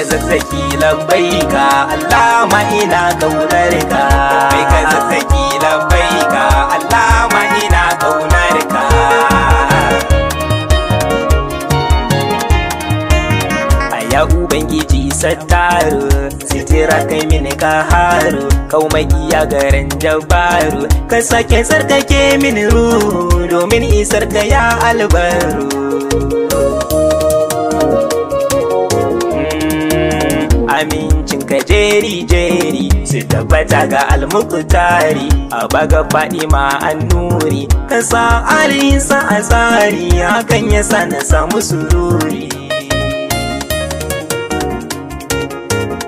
kai zazzaki lambai Allah ma ina kaunar ka kai ka zazzaki lambaika, ka Allah ma ina kaunar ka Aya ubangiji sattaru sitira kai mini ka haru kau makiya garin jabaru ka sake tsarkake mini ruhu domin isar ka ya albaru da jeri jeri su tabbata ga almuktari a baga fadima annuri ka sa Alisa a tsari hakan ya sa na samu sururi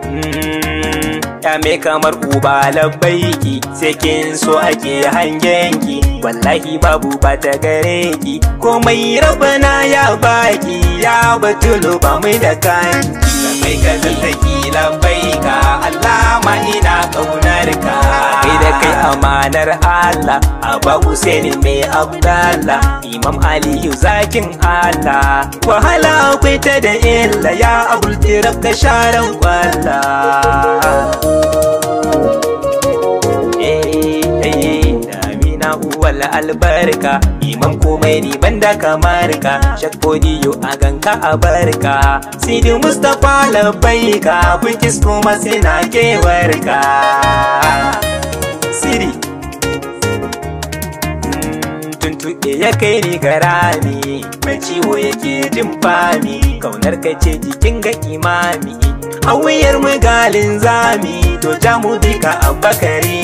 mm-hmm. ya mai kamar uba labbaiki sai kin so ake hangenki wallahi babu ba ta gare ki komai rabana ya baki ya batulu ba mu da kanki mai ka zallaki bai ga alama ma ina kaunar ka kai da kai amanar Allah Aba Hussein mai Abdallah Imam Aliyu zakin Allah wahala akwai ta da illa ya abul tirab da sharan kwalla wala albarka imam komai ni banda kamarka shak podiyo a ganka a barka sidi mustapha labbaika bukis kuma sina kewarka siri hmm, Tuntuɓe ya kai ni garami mai ciwo yake jin fami kaunar ka ce jikin ga imami a wuyar galin zami to jamu bika abakari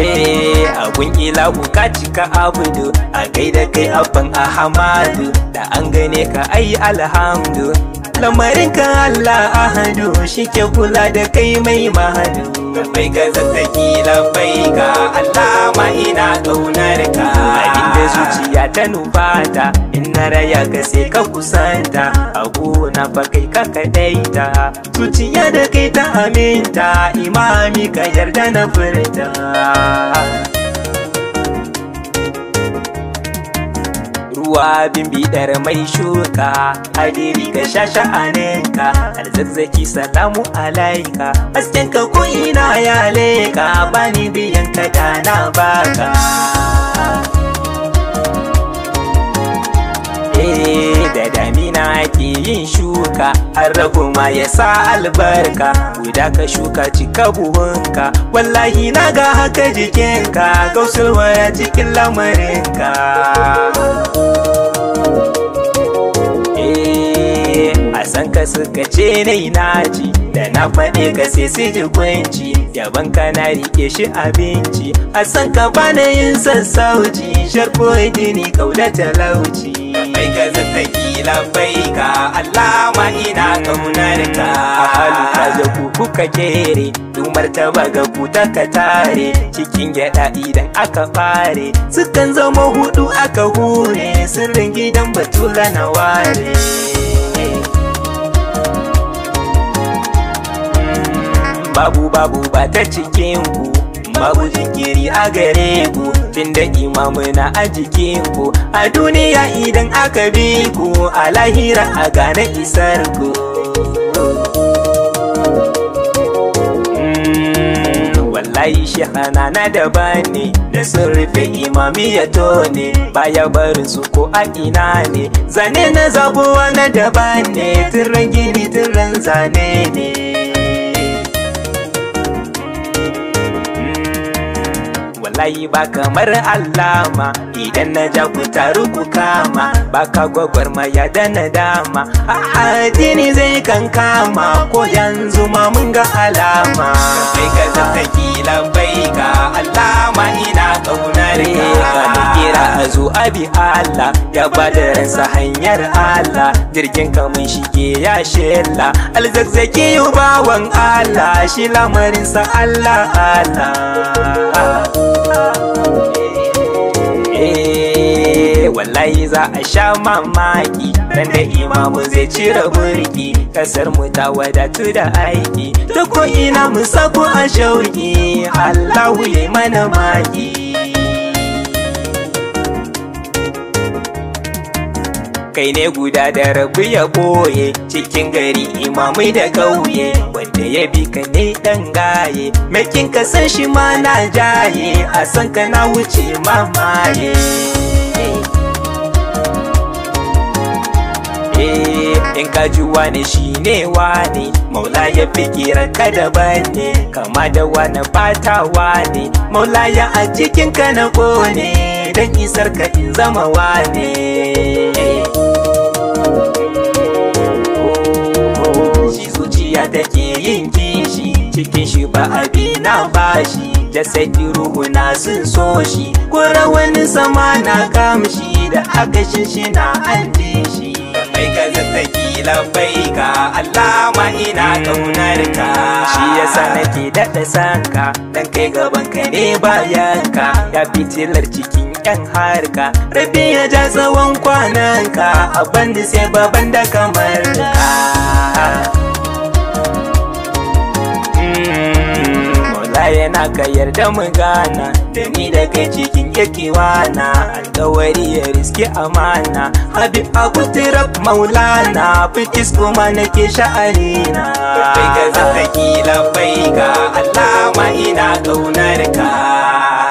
eh abun ilahu ka cika abudu a gaida kai abban ahamadu da an gane ka ai alhamdu lamarin ka Allah ahadu shike kula da kai mai mahadu labbai ka zazzaki labbai ka Allah ma ina ta nufata in na raya ka sai ka kusanta a gona fa kai ka kadaita zuciya da kai ta aminta imami ka yarda na furta ruwa bimbi mai shuka hadiri ka shasha sha'aninka alzazzaki salamu alaika hasken ka ko ina ya leka bani biyan ka dana baka na ke yin shuka Allah ma ya sa albarka guda ka shuka cika buhunka wallahi na ga haka jikinka gausulwa ya cikin lamarinka eh, a san ka suka ce nai ji da na faɗe ka sai su ji kwanci yaban ka na rike shi abinci a san ka bana yin sassauci sharko ni kaula talauci labbaika Allahumma ina kaunar ka ahalu kaza ku kuka kere dumar ta baga ku ta tare cikin gyada idan aka fare sukan zama hudu aka hure sirrin gidan batula na ware babu babu ba ta cikin ku babu jinkiri a gare ku tunda imamu na a jikin ku a duniya idan aka bi ku a lahira a gane isar ku mm, wallahi shehana na daban ne da sun rufe imami ya tone baya barin su ko a ina ne zane na zabuwa na daban ne tun gini tun zane ne wallahi ba kamar allama idan na ja ku taru ku kama baka gwagwarmaya da nadama a addini zai kankama ko yanzu ma mun ga alama bai ka kila bai ga allama ina kauna shari'a da abi Allah ya bada ransa hanyar Allah jirgin kamun shige ya shella alzazzaki yu bawan Allah shi sa Allah Allah eh, wallahi za a sha mamaki nan da imamu zai cire burki kasar mu ta wadatu da aiki ta ko ina mu sako a shauki Allah ya mana maki kai ne guda da rabu ya boye cikin gari imamai da kauye wanda ya bi ka ne dan gaye makin ka san shi ma na jaye a san ka na wuce mamaye eh, in ka ji wani shi ne wani maula ya fi ka da ne kama da wani bata wani maula ya a cikin ka na kone don isar ka in zama wani ya take yin kishi cikin shi ba abi na bashi da saki na sun so shi kura wani sama na kamshi da aka shi na an shi kai ka zattaki labai ka Allah ma ina kaunar ka shi yasa nake daɗa sanka dan kai gaban ka ne bayan ka ya fitilar cikin yan harka rabi ya ja tsawon kwananka abin da sai baban da kamar ka ka yarda mu gana da ni da cikin yake na alkawari ya riski amana habib abu tirab maulana fitis kuma nake sha'ani na bai ga kila bai ga Allah ma ina kaunar ka